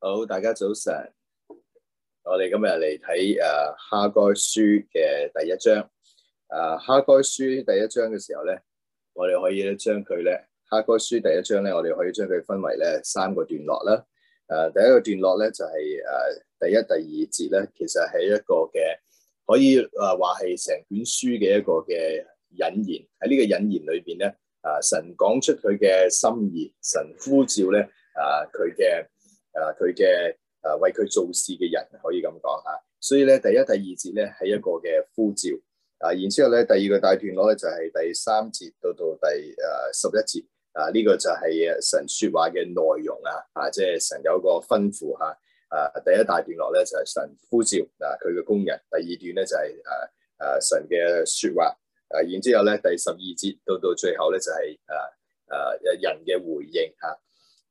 好，Hello, 大家早晨。我哋今日嚟睇誒《哈該書》嘅第一章。誒《哈該書》第一章嘅時候咧，我哋可以咧將佢咧《哈該書》第一章咧，我哋可以將佢分為咧三個段落啦。誒、啊，第一個段落咧就係、是、誒、啊、第一、第二節咧，其實係一個嘅可以誒話係成卷書嘅一個嘅引言。喺呢個引言裏邊咧，誒、啊、神講出佢嘅心意，神呼召咧誒佢嘅。啊啊，佢嘅啊為佢做事嘅人可以咁講吓，所以咧第一、第二節咧係一個嘅呼召啊，然之後咧第二個大段落呢就係、是、第三節到到第誒、啊、十一節啊，呢、這個就係神說話嘅內容啊，啊即係神有個吩咐吓啊，第一大段落咧就係、是、神呼召啊佢嘅工人，第二段咧就係誒誒神嘅說話啊，然之後咧第十二節到到最後咧就係誒誒人嘅回應吓。啊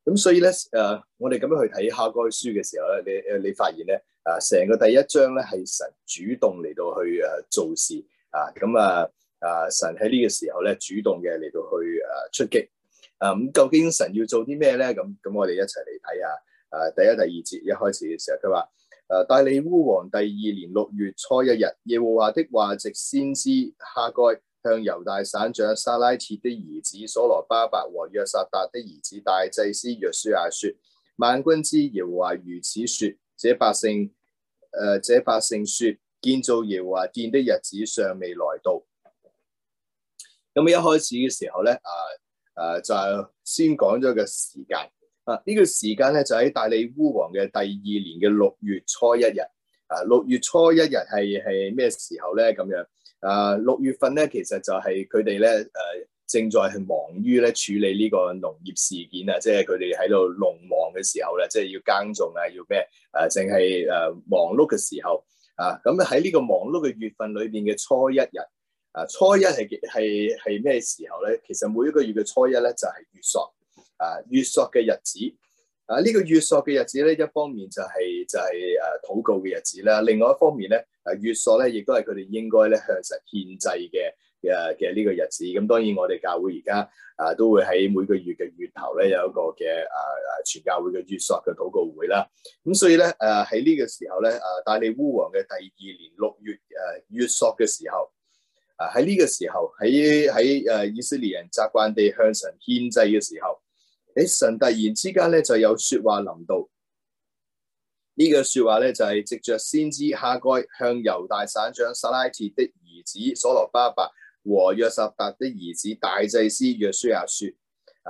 咁所以咧，誒、呃，我哋咁樣去睇哈該書嘅時候咧，你誒你發現咧，啊、呃，成個第一章咧係神主動嚟到去誒做事，啊，咁、呃、啊，啊，神喺呢個時候咧主動嘅嚟到去誒出擊，啊，咁究竟神要做啲咩咧？咁咁我哋一齊嚟睇下，誒、啊，第一、第二節一開始嘅時候，佢話誒，大、呃、利烏王第二年六月初一日，耶和華的話藉先知哈該，向猶大省長沙拉鐵的兒子索羅巴伯和約撒達的兒子大祭司約書亞說：萬軍之耶和華如此說：這百姓，誒、呃，這百姓說，建造耶和華殿的日子尚未來到。咁一開始嘅時候咧，啊，誒、啊，就先講咗個時間啊，呢、這個時間咧就喺大利烏王嘅第二年嘅六月初一日。啊，六月初一日係係咩時候咧？咁樣。啊，六、uh, 月份咧，其實就係佢哋咧，誒、呃，正在係忙於咧處理呢個農業事件啊，即係佢哋喺度農忙嘅時候咧，即係要耕種啊，要咩？誒、呃，淨係誒忙碌嘅時候啊，咁喺呢個忙碌嘅月份裏邊嘅初一日，啊，初一係係係咩時候咧？其實每一個月嘅初一咧，就係、是、月朔，啊，月朔嘅日子。啊！呢個月朔嘅日子咧，一方面就係就係誒禱告嘅日子啦，另外一方面咧，誒月朔咧，亦都係佢哋應該咧向神獻祭嘅嘅嘅呢個日子。咁當然我哋教會而家啊都會喺每個月嘅月頭咧有一個嘅誒誒全教會嘅月朔嘅禱告會啦。咁所以咧，誒喺呢個時候咧，誒大利烏王嘅第二年六月誒月朔嘅時候，啊喺呢個時候喺喺誒以色列人習慣地向神獻祭嘅時候。誒、哎，神突然之間咧就有說話臨到，呢、這個說話咧就係、是、藉着先知哈該向猶大省長撒拉鐵的兒子所羅巴伯和約撒答的兒子大祭司約書亞說：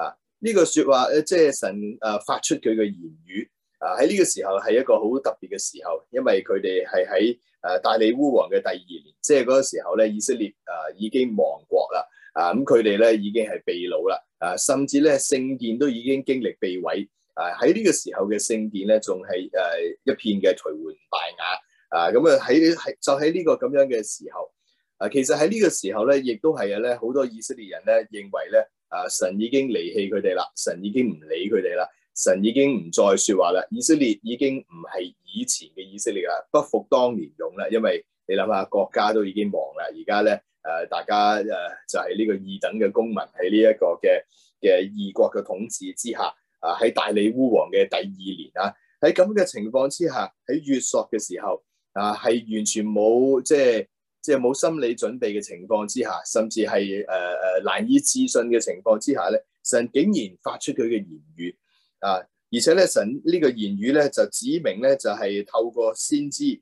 啊，呢、這個說話誒，即係神誒、呃、發出佢嘅言語。啊，喺呢個時候係一個好特別嘅時候，因為佢哋係喺誒大利烏王嘅第二年，即係嗰個時候咧，以色列誒、呃、已經亡國啦。啊，咁佢哋咧已經係被擄啦，啊，甚至咧聖殿都已經經歷被毀，啊，喺呢個時候嘅聖殿咧仲係誒一片嘅頹垣敗瓦，啊，咁啊喺喺就喺呢個咁樣嘅時候，啊，其實喺呢個時候咧，亦都係啊咧，好多以色列人咧認為咧，啊，神已經離棄佢哋啦，神已經唔理佢哋啦，神已經唔再説話啦，以色列已經唔係以前嘅以色列啦，不復當年勇啦，因為你諗下國家都已經亡啦，而家咧。誒、呃，大家誒、呃，就係、是、呢個二等嘅公民喺呢一個嘅嘅異國嘅統治之下，啊、呃，喺大利烏王嘅第二年啊，喺咁嘅情況之下，喺月朔嘅時候，啊，係完全冇、呃、即係即係冇心理準備嘅情況之下，甚至係誒誒難以置信嘅情況之下咧，神竟然發出佢嘅言語啊！而且咧，神呢個言語咧就指明咧就係、是、透過先知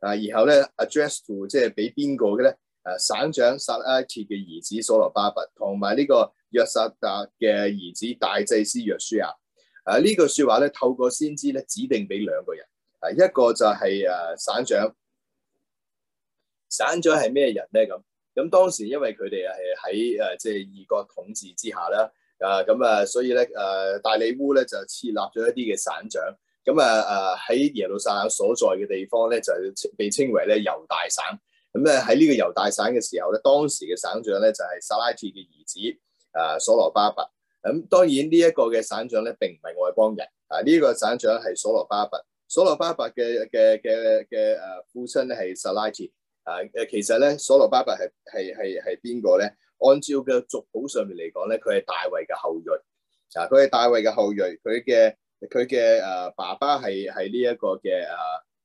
啊，然後咧 address to 即係俾邊個嘅咧？誒、啊、省長撒拉鐵嘅兒子所羅巴伯同埋呢個約撒達嘅兒子大祭司約書亞。誒、啊、這個、呢句説話咧，透過先知咧指定俾兩個人。誒、啊、一個就係、是、誒、啊、省長。省長係咩人咧？咁咁當時因為佢哋係喺誒即係異國統治之下啦。誒、啊、咁啊，所以咧誒、啊、大利烏咧就設立咗一啲嘅省長。咁啊誒喺、啊、耶路撒冷所在嘅地方咧，就被稱為咧猶大省。咁咧喺呢個猶大省嘅時候咧，當時嘅省長咧就係、是、撒拉鐵嘅兒子，啊所羅巴伯。咁、嗯、當然呢一個嘅省長咧，並唔係外邦人。啊呢、這個省長係所羅巴伯，所羅巴伯嘅嘅嘅嘅誒父親咧係撒拉鐵。啊誒其實咧所羅巴伯係係係係邊個咧？按照嘅族譜上面嚟講咧，佢係大衛嘅後裔。啊佢係大衛嘅後裔，佢嘅佢嘅誒爸爸係係呢一個嘅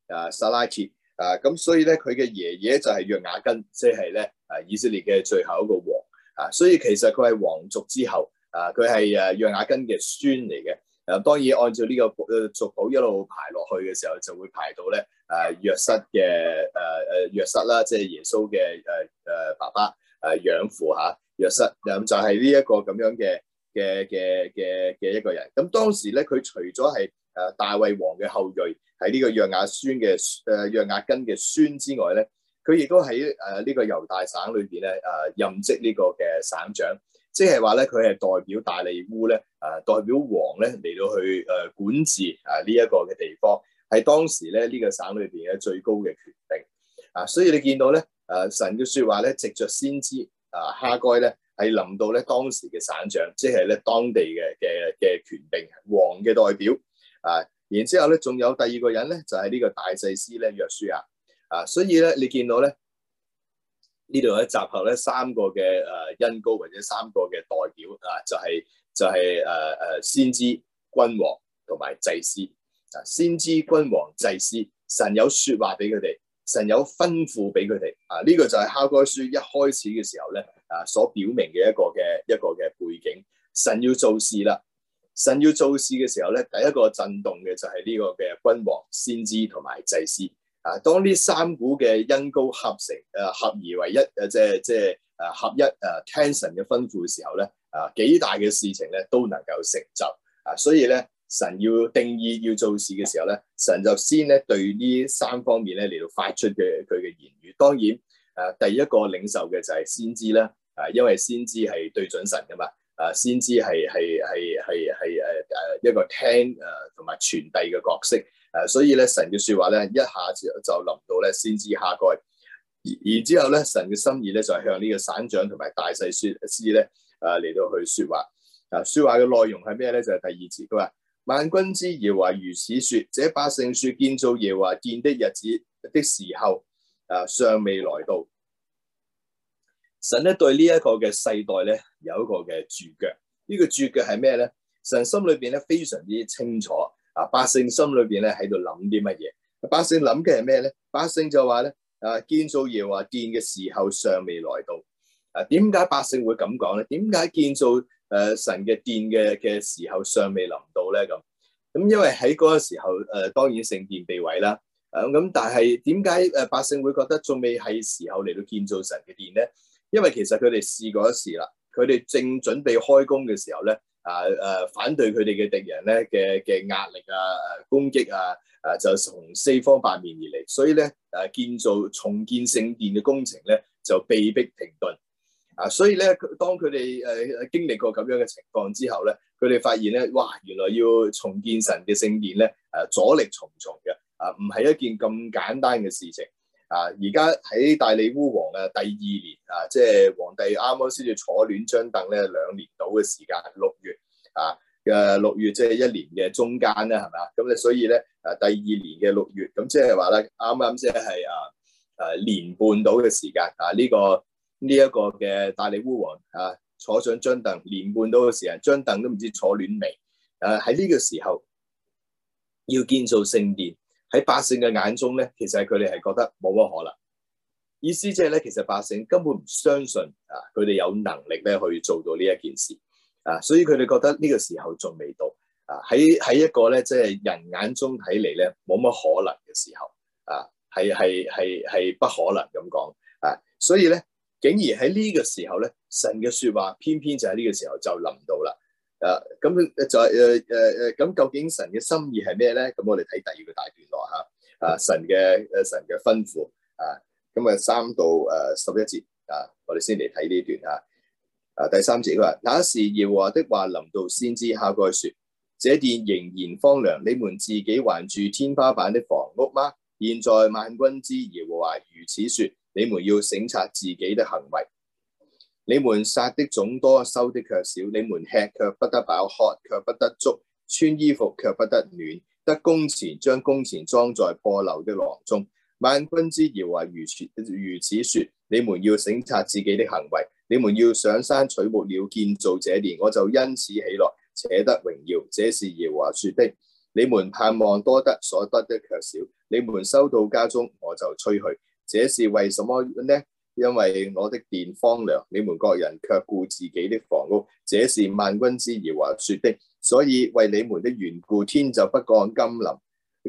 誒誒撒拉鐵。啊，咁所以咧，佢嘅爺爺就係約雅斤，即係咧，啊，以色列嘅最後一個王。啊，所以其實佢係皇族之後，啊，佢係誒約雅斤嘅孫嚟嘅。誒、啊，當然按照呢、這個誒族譜一路排落去嘅時候，就會排到咧誒約瑟嘅誒誒約瑟啦，即、就、係、是、耶穌嘅誒誒爸爸誒養、啊、父嚇約、啊、瑟。咁、啊、就係、是、呢一個咁樣嘅嘅嘅嘅嘅一個人。咁、啊、當時咧，佢除咗係誒、呃、大衛王嘅後裔喺呢個約雅孫嘅誒約雅斤嘅孫之外咧，佢亦都喺誒呢個猶大省裏邊咧誒任職呢個嘅省長，即係話咧，佢係代表大利烏咧誒代表王咧嚟到去誒、呃、管治啊呢一、這個嘅地方，係當時咧呢、這個省裏邊嘅最高嘅權柄。啊！所以你見到咧誒、呃、神嘅説話咧，藉著先知啊哈該咧係臨到咧當時嘅省長，即係咧當地嘅嘅嘅權柄，王嘅代表。啊，然之後咧，仲有第二個人咧，就係、是、呢個大祭司咧，約書亞。啊，所以咧，你見到咧呢度嘅集合咧，三個嘅誒，恩、呃、膏，或者三個嘅代表啊，就係、是、就係誒誒，先知君王同埋祭司啊，先知君王祭司，神有說話俾佢哋，神有吩咐俾佢哋啊，呢、這個就係《哈該書》一開始嘅時候咧啊，所表明嘅一個嘅一個嘅背景，神要做事啦。神要做事嘅時候咧，第一個震動嘅就係呢個嘅君王、先知同埋祭司。啊，當呢三股嘅因高合成，誒、啊、合而為一，誒、啊、即係即係誒合一誒、啊、聽神嘅吩咐嘅時候咧，啊，幾大嘅事情咧都能夠成就。啊，所以咧神要定意要做事嘅時候咧，神就先咧對呢三方面咧嚟到發出嘅佢嘅言語。當然誒、啊，第一個領受嘅就係先知啦。啊，因為先知係對準神㗎嘛。啊！先知係係係係係誒誒一個聽誒同埋傳遞嘅角色誒、啊，所以咧神嘅説話咧一下子就臨到咧先知哈該，而之後咧神嘅心意咧就係向呢個省長同埋大細説師咧啊嚟到去説話啊，説話嘅內、啊、容係咩咧？就係、是、第二節，佢話萬軍之耶和華、啊、如此説：這百姓説建造耶和華殿的日子的時候，誒、啊、尚未來到。神咧對呢一個嘅世代咧有一個嘅注腳，這個、腳，呢個注腳係咩咧？神心裏邊咧非常之清楚，啊，百姓心裏邊咧喺度諗啲乜嘢？百姓諗嘅係咩咧？百姓就話咧啊，建造耶華殿嘅時候尚未來到，啊，點解百姓會咁講咧？點解建造誒、呃、神嘅殿嘅嘅時候尚未臨到咧？咁咁因為喺嗰個時候誒、呃、當然聖殿被毀啦，啊咁但係點解誒百姓會覺得仲未係時候嚟到建造神嘅殿咧？因為其實佢哋試過一次啦，佢哋正準備開工嘅時候咧，啊誒、啊、反對佢哋嘅敵人咧嘅嘅壓力啊，誒、啊、攻擊啊，誒、啊、就從四方八面而嚟，所以咧誒、啊、建造重建聖殿嘅工程咧就被迫停頓，啊，所以咧當佢哋誒經歷過咁樣嘅情況之後咧，佢哋發現咧，哇，原來要重建神嘅聖殿咧，誒、啊、阻力重重嘅，啊，唔係一件咁簡單嘅事情。啊！而家喺大理烏王嘅第二年啊，即係皇帝啱啱先至坐暖張凳咧，兩年到嘅時間，六月啊嘅六月即係一年嘅中間咧，係咪啊？咁你所以咧啊，第二年嘅六月，咁即係話咧，啱啱先係啊啊年半到嘅時間啊，呢個呢一個嘅大理烏王啊，坐上張凳年半到嘅時間，張凳都唔知坐暖未？啊喺呢個時候要建造聖殿。喺百姓嘅眼中咧，其實佢哋係覺得冇乜可能。意思即係咧，其實百姓根本唔相信啊，佢哋有能力咧去做到呢一件事啊，所以佢哋覺得呢個時候仲未到啊。喺喺一個咧，即係人眼中睇嚟咧，冇乜可能嘅時候啊，係係係係不可能咁講啊。所以咧，竟然喺呢個時候咧，神嘅説話偏偏就喺呢個時候就臨到啦。誒，咁就誒誒誒，咁、啊、嗯、究竟神嘅心意係咩咧？咁我哋睇第二個大段落吓，啊神嘅誒神嘅吩咐啊，咁啊三到誒十一節啊，我哋先嚟睇呢段吓，啊第三節佢話，那時耶和華的話臨到先知哈該說：這殿仍然荒涼，你們自己還住天花板的房屋嗎？現在萬軍之耶和華如此說：你們要省察自己的行為。你們殺的種多，收的卻少；你們吃卻不得飽，喝卻不得足，穿衣服卻不得暖。得工錢，將工錢裝在破漏的囊中。萬軍之耶和華如此如此說：你們要省察自己的行為，你們要上山取木料建造這殿。我就因此起來，且得榮耀。這是耶和華說的。你們盼望多得，所得的卻少；你們收到家中，我就吹去。這是為什麼呢？因為我的殿荒涼，你們各人卻顧自己的房屋，這是萬軍之耶和華說的。所以為你們的緣故，天就不降甘霖，誒、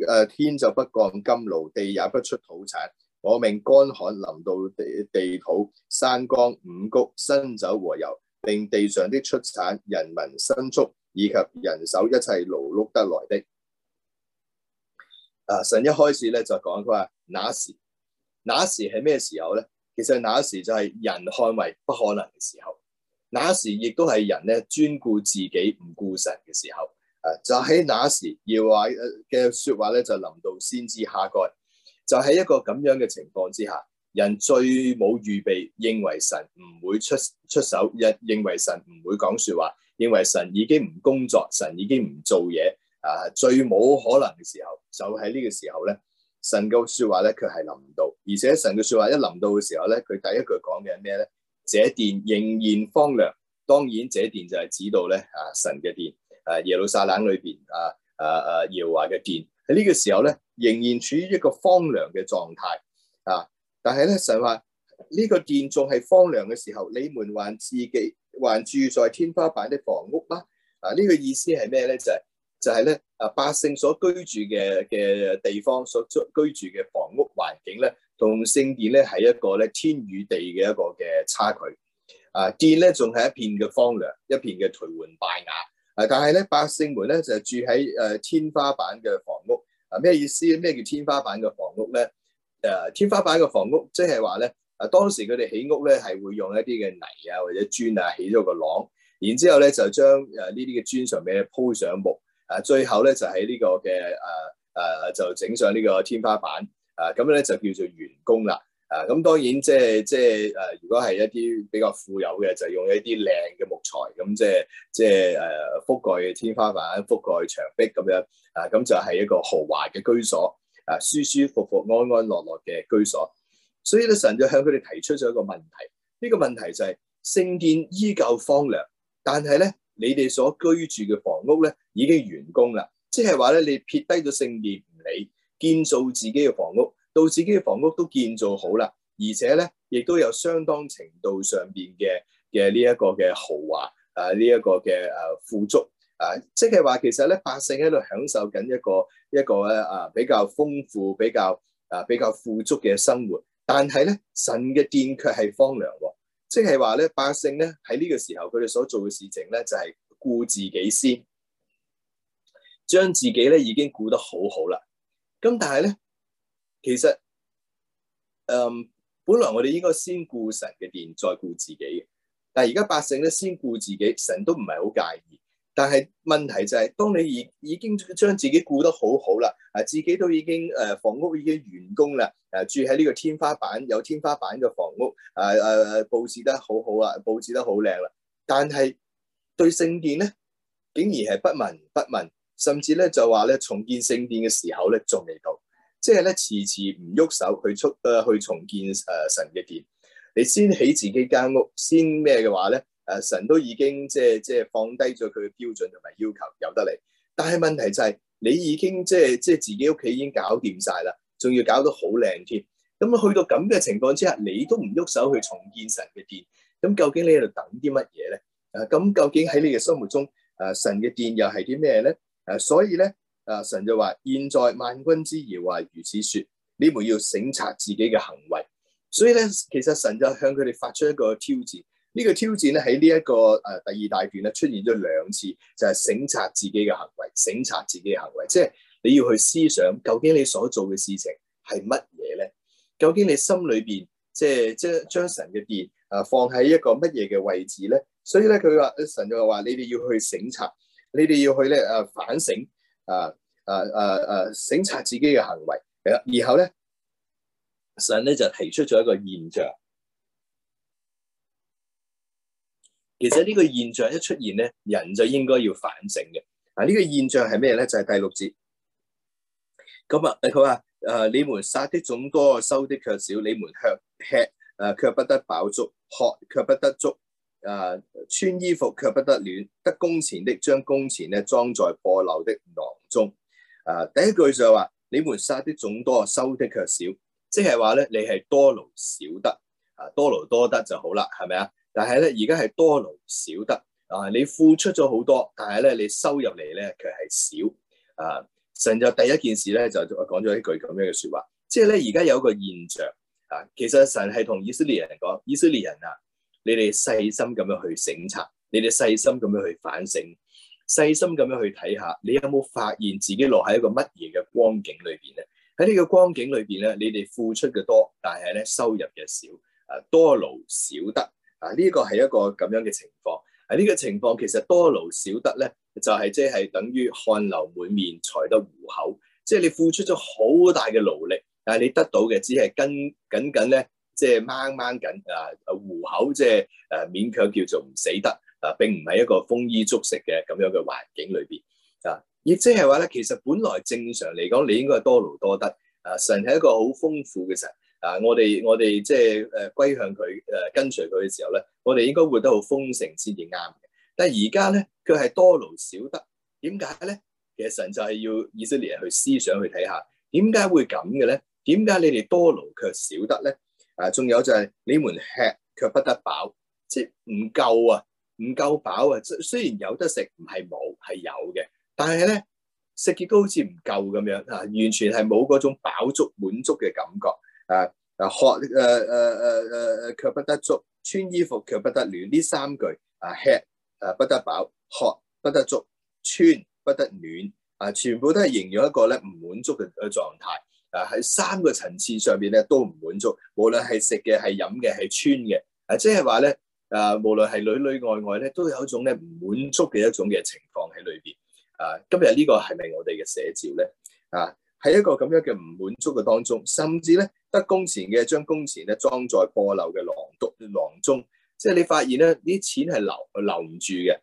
呃，天就不降甘露，地也不出土產。我命乾旱臨到地地土、山岡、五穀、新酒和油，令地上的出產、人民牲畜以及人手一切勞碌得來的。啊、呃，神一開始咧就講，佢話那時，那時係咩時候咧？其實那時就係人看為不可能嘅時候，那時亦都係人咧專顧自己唔顧神嘅時候，誒、啊，就喺那時要話嘅說話咧就臨到先知哈該，就喺一個咁樣嘅情況之下，人最冇預備，認為神唔會出出手，認認為神唔會講說話，認為神已經唔工作，神已經唔做嘢，啊，最冇可能嘅時候，就喺呢個時候咧。神嘅說話咧，佢係臨到，而且神嘅說話一臨到嘅時候咧，佢第一句講嘅係咩咧？這殿仍然荒涼，當然這殿就係指到咧啊神嘅殿，誒、啊、耶路撒冷裏邊啊啊啊耶和華嘅殿喺呢個時候咧，仍然處於一個荒涼嘅狀態啊，但係咧神話呢、這個殿仲係荒涼嘅時候，你們還自己還住在天花板的房屋啦。啊呢、這個意思係咩咧？就係、是。就係咧，啊，百姓所居住嘅嘅地方，所居住嘅房屋環境咧，同聖殿咧係一個咧天與地嘅一個嘅差距。啊、呃，殿咧仲係一片嘅荒涼，一片嘅頹垣敗瓦。啊、呃，但係咧百姓們咧就住喺誒、呃、天花板嘅房屋。啊，咩意思咧？咩叫天花板嘅房屋咧？誒、呃，天花板嘅房屋即係話咧，啊，當時佢哋起屋咧係會用一啲嘅泥啊或者磚啊起咗個廊，然之後咧就將誒呢啲嘅磚上面鋪上木。嗯啊，最後咧就喺呢個嘅誒誒，就整、是啊啊、上呢個天花板，啊咁咧就叫做完工啦。啊，咁當然即係即係誒，如果係一啲比較富有嘅，就用一啲靚嘅木材，咁即係即係誒覆蓋天花板，覆蓋牆壁咁樣，啊咁就係一個豪華嘅居所，啊舒舒服服，安安樂樂嘅居所。所以咧，神就向佢哋提出咗一個問題，呢、這個問題就係、是、聖殿依舊荒涼，但係咧。你哋所居住嘅房屋咧，已經完工啦。即係話咧，你撇低咗聖殿唔理，建造自己嘅房屋，到自己嘅房屋都建造好啦，而且咧，亦都有相當程度上邊嘅嘅呢一個嘅豪華，誒呢一個嘅誒富足，誒、啊、即係話其實咧，百姓喺度享受緊一個一個咧啊比較豐富、比較啊比較富足嘅生活，但係咧神嘅殿卻係荒涼。即係話咧，百姓咧喺呢個時候佢哋所做嘅事情咧就係、是、顧自己先，將自己咧已經顧得好好啦。咁但係咧，其實，嗯、呃，本來我哋應該先顧神嘅殿，再顧自己嘅。但係而家百姓咧先顧自己，神都唔係好介意。但係問題就係、是，當你已已經將自己顧得好好啦，啊，自己都已經誒、呃、房屋已經完工啦，誒、呃、住喺呢個天花板有天花板嘅房屋，誒、呃、誒、呃、布置得好好啊，布置得好靚啦。但係對聖殿咧，竟然係不聞不問，甚至咧就話咧重建聖殿嘅時候咧仲未到，即係咧遲遲唔喐手去出誒、呃、去重建誒、呃、神嘅殿，你先起自己間屋，先咩嘅話咧？啊！神都已經即係即係放低咗佢嘅標準同埋要求，由得你。但係問題就係、是、你已經即係即係自己屋企已經搞掂晒啦，仲要搞到好靚添。咁、嗯、去到咁嘅情況之下，你都唔喐手去重建神嘅殿。咁、嗯、究竟你喺度等啲乜嘢咧？啊！咁究竟喺你嘅心目中，啊！神嘅殿又係啲咩咧？啊！所以咧，啊！神就話：現在萬軍之耶和華話如此說，你們要省察自己嘅行為。所以咧，其實神就向佢哋發出一個挑戰。呢個挑戰咧，喺呢一個誒，第二大段咧，出現咗兩次，就係省察自己嘅行為，省察自己嘅行為，即係你要去思想，究竟你所做嘅事情係乜嘢咧？究竟你心裏邊即係即係將神嘅殿啊放喺一個乜嘢嘅位置咧？所以咧，佢話，神就話你哋要去省察，你哋要去咧誒反省，啊啊啊啊省察自己嘅行為，然後咧神咧就提出咗一個現象。其實呢個現象一出現咧，人就應該要反省嘅。嗱、啊，呢、這個現象係咩咧？就係、是、第六節。咁、嗯、啊，佢話：誒、呃，你們殺的種多，收的卻少；你們吃吃，誒、呃、卻不得飽足，喝卻不得足，誒、呃、穿衣服卻不得暖。得工錢的，將工錢咧裝在破漏的囊中。啊、呃，第一句就係話：你們殺的種多，收的卻少，即係話咧，你係多勞少得，啊多勞多得就好啦，係咪啊？但係咧，而家係多勞少得啊！你付出咗好多，但係咧，你收入嚟咧，佢係少啊！神就第一件事咧，就講咗一句咁樣嘅說話，即係咧，而家有個現象啊，其實神係同以色列人講：以色列人啊，你哋細心咁樣去省察，你哋細心咁樣去反省，細心咁樣去睇下，你有冇發現自己落喺一個乜嘢嘅光景裏邊咧？喺呢個光景裏邊咧，你哋付出嘅多，但係咧收入嘅少啊，多勞少得。啊！呢、這個係一個咁樣嘅情況。啊！呢、這個情況其實多勞少得咧，就係即係等於汗流滿面才得糊口，即係你付出咗好大嘅勞力，但、啊、係你得到嘅只係跟緊緊咧，即係掹掹緊啊！糊口即係誒勉強叫做唔死得啊！並唔係一個豐衣足食嘅咁樣嘅環境裏邊啊！亦即係話咧，其實本來正常嚟講，你應該係多勞多得啊！神係一個好豐富嘅神。啊！我哋我哋即係誒歸向佢誒、呃、跟隨佢嘅時候咧，我哋應該活得好豐盛先至啱嘅。但係而家咧，佢係多勞少得。點解咧？其實神就係要以色列人去思想去睇下，點解會咁嘅咧？點解你哋多勞卻少得咧？啊！仲有就係你們吃卻不得飽，即係唔夠啊，唔夠飽啊。雖然有得食，唔係冇係有嘅，但係咧食極都好似唔夠咁樣啊！完全係冇嗰種飽足滿足嘅感覺。誒誒、啊，喝誒誒誒誒，卻不得足；穿衣服卻不得暖。呢三句啊，吃誒不得飽，喝不得足，穿不得暖。啊，全部都係形容一個咧唔滿足嘅狀態。啊，喺三個層次上邊咧都唔滿足，無論係食嘅、係飲嘅、係穿嘅。啊，即係話咧，誒，無論係裏裏外外咧，都有一種咧唔滿足嘅一種嘅情況喺裏邊。啊，今日呢個係咪我哋嘅寫照咧？啊，喺一個咁樣嘅唔滿足嘅當中，甚至咧。得工錢嘅將工錢咧裝在破漏嘅囊篤囊中，即係你發現咧啲錢係留留唔住嘅。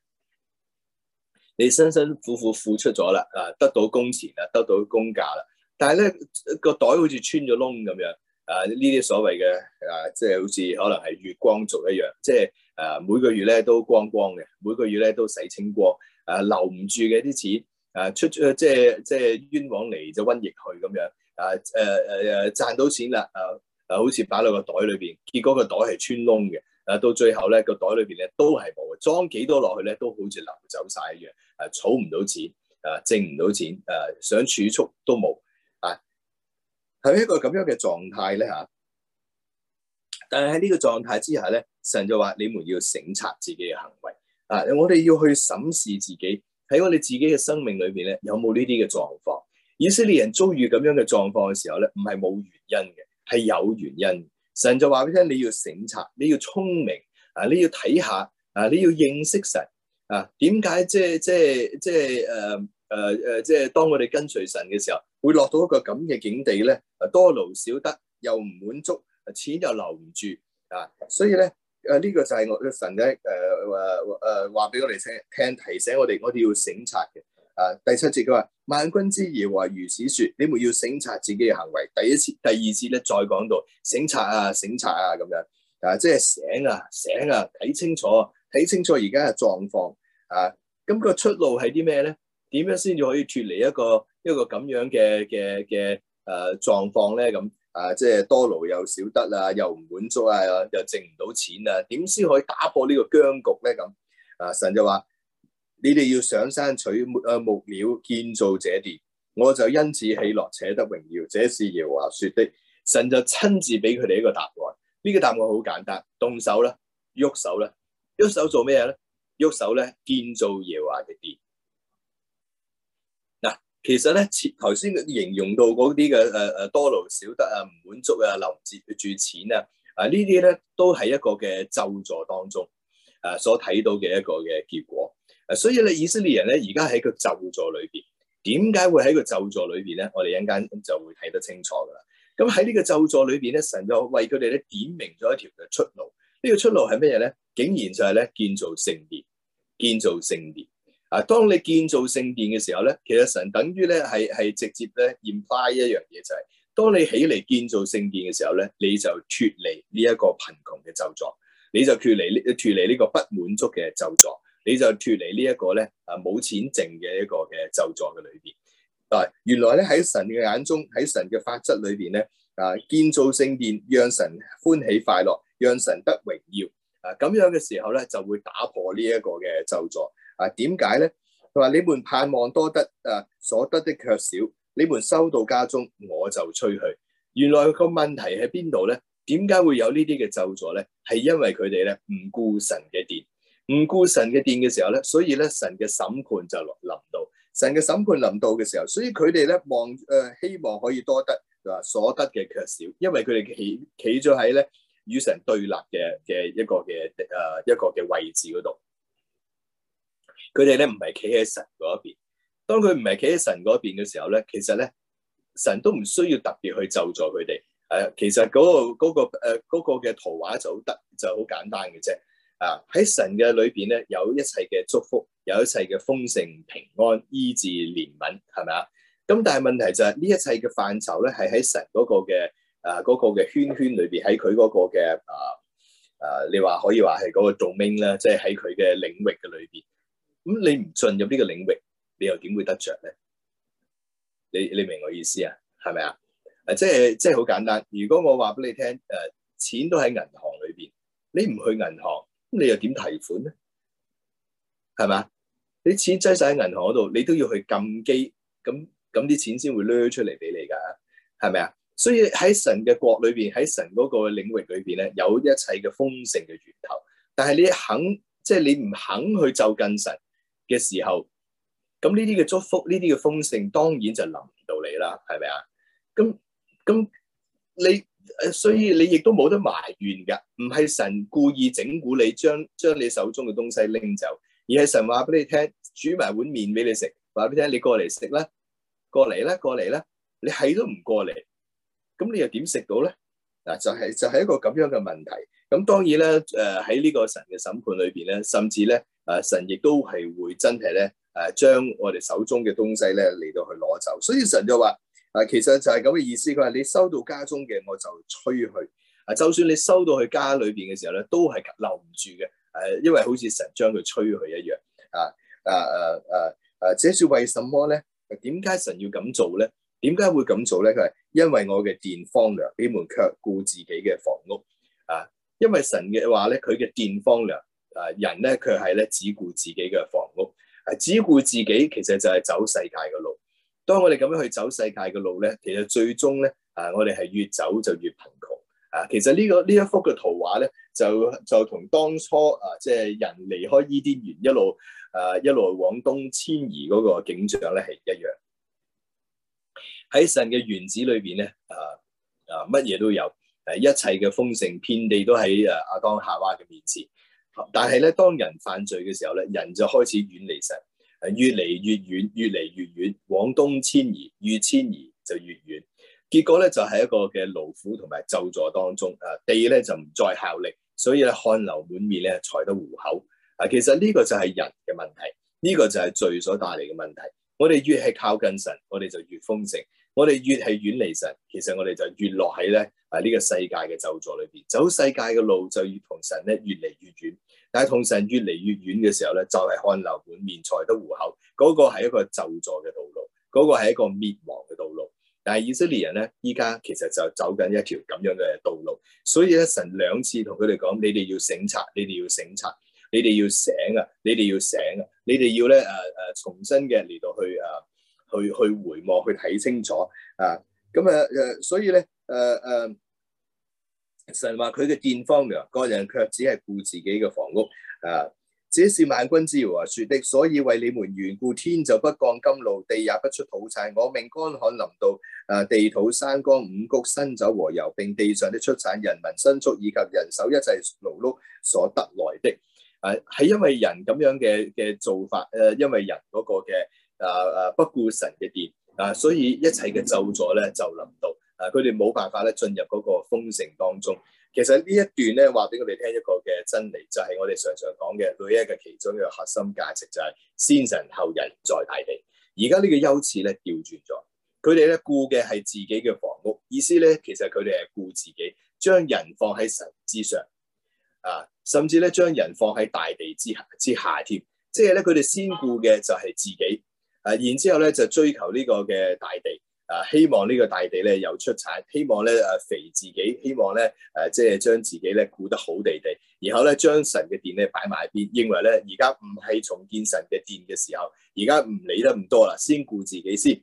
你辛辛苦苦付出咗啦，啊得到工錢啦，得到工價啦，但係咧個袋好似穿咗窿咁樣，啊呢啲所謂嘅啊即係好似可能係月光族一樣，即係誒每個月咧都光光嘅，每個月咧都，都洗清光，誒、啊、留唔住嘅啲錢，誒、啊、出、啊、即係即係冤枉嚟就瘟疫去咁樣。啊誒誒誒賺到錢啦！啊啊，好似擺落個袋裏邊，結果個袋係穿窿嘅。啊，到最後咧個袋裏邊咧都係冇嘅，裝幾多落去咧都好似流走晒一樣。啊，儲唔到錢，啊，掙唔到錢，啊，想儲蓄都冇。啊，喺一個咁樣嘅狀態咧吓，但係喺呢個狀態之下咧，神就話你們要省察自己嘅行為。啊，我哋要去審視自己喺我哋自己嘅生命裏邊咧，有冇呢啲嘅狀況。以色列人遭遇咁樣嘅狀況嘅時候咧，唔係冇原因嘅，係有原因。神就話俾你聽，你要省察，你要聰明啊，你要睇下啊，你要認識神啊。點解即係即係即係誒誒誒，即係、呃啊、當我哋跟隨神嘅時候，會落到一個咁嘅境地咧？多勞少得，又唔滿足，錢又留唔住啊。所以咧，誒、啊、呢、這個就係我神嘅誒誒誒話俾我哋聽，聽提醒我哋，我哋要省察嘅。啊！第七節佢話，萬軍之耶和華如此說，你咪要省察自己嘅行為。第一次、第二次咧再講到省察啊、省察啊咁樣，啊即係醒啊、醒啊，睇清楚、睇清楚而家嘅狀況啊。咁個出路係啲咩咧？點樣先至可以脫離一個一個咁樣嘅嘅嘅誒狀況咧？咁啊，啊即係多勞又少得啊，又唔滿足啊，又剩唔到錢啊？點先可以打破呢個僵局咧？咁啊神就話。你哋要上山取木啊木料建造這殿，我就因此喜樂且得榮耀。這是耶華說的，神就親自俾佢哋一個答案。呢個答案好簡單，動手啦，喐手啦，喐手,手做咩嘢咧？喐手咧，建造耶華嘅殿。嗱、啊，其實咧，頭先形容到嗰啲嘅誒誒多勞少得啊，唔滿足啊，留住住錢啊，啊呢啲咧都係一個嘅咒助當中誒、啊、所睇到嘅一個嘅結果。啊、所以咧，以色列人咧，而家喺個咒詛裏邊，點解會喺個咒詛裏邊咧？我哋一陣間就會睇得清楚噶啦。咁喺呢個咒詛裏邊咧，神就為佢哋咧點明咗一條嘅出路。呢個出路係咩嘢咧？竟然就係咧建造聖殿，建造聖殿。啊，當你建造聖殿嘅時候咧，其實神等於咧係係直接咧 imply 一樣嘢，就係當你起嚟建造聖殿嘅時候咧，你就脫離呢一個貧窮嘅咒詛，你就脫離呢脫離呢個不滿足嘅咒詛。你就脫離呢、啊、一個咧啊冇錢剩嘅一個嘅咒詛嘅裏邊啊，原來咧喺神嘅眼中，喺神嘅法則裏邊咧啊建造聖殿，讓神歡喜快樂，讓神得榮耀啊咁樣嘅時候咧就會打破、啊、呢一個嘅咒詛啊點解咧？佢話你們盼望多得啊所得的卻少，你們收到家中我就吹去。原來個問題喺邊度咧？點解會有呢啲嘅咒詛咧？係因為佢哋咧唔顧神嘅殿。唔顧神嘅殿嘅時候咧，所以咧神嘅審判就臨到，神嘅審判臨到嘅時候，所以佢哋咧望誒、呃、希望可以多得啊所得嘅卻少，因為佢哋企企咗喺咧與神對立嘅嘅一個嘅誒、呃、一個嘅位置嗰度，佢哋咧唔係企喺神嗰邊，當佢唔係企喺神嗰邊嘅時候咧，其實咧神都唔需要特別去救助佢哋，誒、呃，其實嗰、嗰個、嗰、嗰個誒、嗰個嘅、呃嗰個、圖畫就好得就好簡單嘅啫。啊！喺神嘅裏邊咧，有一切嘅祝福，有一切嘅豐盛、平安、醫治、憐憫，係咪啊？咁但係問題就係、是、呢一切嘅範疇咧，係喺神嗰、嗰個嘅誒、啊嗰個嘅圈圈裏邊，喺佢嗰個嘅誒誒，你話可以話係嗰個 domain m 即係喺佢嘅領域嘅裏邊。咁、嗯、你唔進入呢個領域，你又點會得着咧？你你明我意思啊？係咪啊？誒，即係即係好簡單。如果我話俾你聽，誒、啊，錢都喺銀行裏邊，你唔去銀行。咁你又點提款咧？係咪啊？你錢擠晒喺銀行嗰度，你都要去撳機，咁咁啲錢先會掠出嚟俾你噶，係咪啊？所以喺神嘅國裏邊，喺神嗰個領域裏邊咧，有一切嘅豐盛嘅源頭。但係你肯，即係你唔肯去就近神嘅時候，咁呢啲嘅祝福，呢啲嘅豐盛，當然就臨唔到你啦，係咪啊？咁咁你？誒，所以你亦都冇得埋怨噶唔係神故意整蠱你，將將你手中嘅東西拎走，而係神話俾你聽，煮埋碗麵俾你食，話俾你聽你過嚟食啦，過嚟啦，過嚟啦，你係都唔過嚟，咁你又點食到咧？嗱、啊，就係、是、就係、是、一個咁樣嘅問題。咁當然咧，誒喺呢個神嘅審判裏邊咧，甚至咧，誒、呃、神亦都係會真係咧，誒、啊、將我哋手中嘅東西咧嚟到去攞走。所以神就話。啊，其實就係咁嘅意思。佢話你收到家中嘅，我就吹去。啊，就算你收到佢家裏邊嘅時候咧，都係留唔住嘅。誒、啊，因為好似神將佢吹去一樣。啊啊啊啊啊！即、啊、是為什麼咧？點解神要咁做咧？點解會咁做咧？佢話因為我嘅殿荒涼，你們卻顧自己嘅房屋。啊，因為神嘅話咧，佢嘅殿荒涼，啊人咧，佢係咧只顧自己嘅房屋，啊只顧自己，其實就係走世界嘅路。當我哋咁樣去走世界嘅路咧，其實最終咧啊，我哋係越走就越貧窮啊！其實呢個呢一幅嘅圖畫咧，就就同當初啊，即係人離開伊甸園一路啊一路往東遷移嗰個景象咧係一樣。喺神嘅園子裏邊咧啊啊，乜嘢都有，誒一切嘅豐盛遍地都喺誒阿當夏娃嘅面前。但係咧，當人犯罪嘅時候咧，人就開始遠離神。係越嚟越遠，越嚟越遠，往東遷移，越遷移就越遠。結果咧就係、是、一個嘅勞苦同埋咒詛當中，啊地咧就唔再效力，所以咧汗流滿面咧才得糊口。啊，其實呢個就係人嘅問題，呢、這個就係罪所帶嚟嘅問題。我哋越係靠近神，我哋就越豐盛；我哋越係遠離神，其實我哋就越落喺咧啊呢、這個世界嘅咒詛裏邊，走世界嘅路就呢越同神咧越嚟越遠。但係同神越嚟越遠嘅時候咧，就係、是、汗流滿面、才得糊口，嗰、那個係一個救助嘅道路，嗰、那個係一個滅亡嘅道路。但係以色列人咧，依家其實就走緊一條咁樣嘅道路，所以咧神兩次同佢哋講：你哋要省察，你哋要省察，你哋要省啊，你哋要省啊，你哋要咧誒誒，重新嘅嚟到去誒、呃，去去回望，去睇清楚啊。咁啊誒，所以咧誒誒。呃呃神話佢嘅殿荒涼，各人卻只係顧自己嘅房屋。啊，這是萬軍之耶和華說的，所以為你們緣故，天就不降甘露，地也不出土產。我命乾旱臨到，啊，地土山岡五谷，新酒和油，並地上的出產，人民牲畜以及人手一切勞碌所得來的。啊，係因為人咁樣嘅嘅做法，誒、啊，因為人嗰個嘅啊啊不顧神嘅殿，啊，所以一切嘅咒詛呢就臨到。啊！佢哋冇辦法咧進入嗰個豐盛當中。其實呢一段咧話俾我哋聽一個嘅真理，就係、是、我哋常常講嘅《呂一》嘅其中一個核心價值、就是，就係先神後人，在大地。而家呢個優次咧掉轉咗，佢哋咧顧嘅係自己嘅房屋。意思咧，其實佢哋係顧自己，將人放喺神之上，啊，甚至咧將人放喺大地之下之下添。即係咧，佢哋先顧嘅就係自己，啊，然之後咧就追求呢個嘅大地。啊！希望呢個大地咧有出產，希望咧誒肥自己，希望咧誒、啊、即係將自己咧顧得好地地，然後咧將神嘅殿咧擺埋一邊，認為咧而家唔係重建神嘅殿嘅時候，而家唔理得咁多啦，先顧自己先。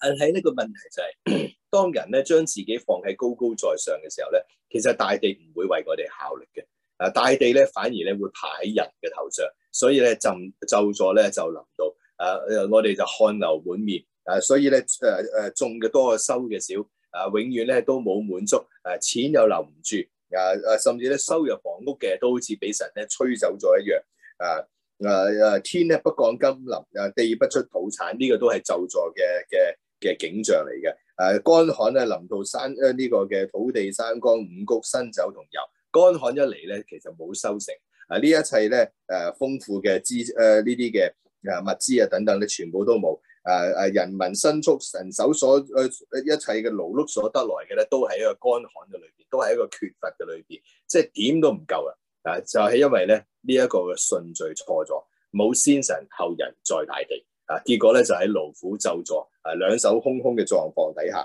但係呢個問題就係、是， 當人咧將自己放喺高高在上嘅時候咧，其實大地唔會為我哋效力嘅，啊，大地咧反而咧會爬喺人嘅頭上。所以咧就咒詛咧就臨到，啊、呃！我哋就汗流滿面，啊、呃！所以咧，誒、呃、誒，種嘅多，收嘅少，啊、呃，永遠咧都冇滿足，誒、呃，錢又留唔住，啊、呃、啊，甚至咧收入房屋嘅，都好似俾神咧吹走咗一樣，啊啊啊！天咧不降甘霖，啊、呃、地不出土產，呢、這個都係咒詛嘅嘅嘅景象嚟嘅，誒、呃，乾旱啊，臨到山呢、呃這個嘅土地山岡，五穀新酒同油，乾旱一嚟咧，其實冇收成。啊！呢一切咧，誒、呃、豐富嘅資誒呢啲嘅誒物資啊等等，咧全部都冇。誒、呃、誒，人民辛縮神手所誒、呃、一切嘅勞碌所得來嘅咧，都喺一個乾旱嘅裏邊，都喺一個缺乏嘅裏邊，即係點都唔夠啊！啊，就係、是、因為咧呢一、這個順序錯咗，冇先神後人在大地啊，結果咧就喺勞苦咒詛誒兩手空空嘅狀況底下。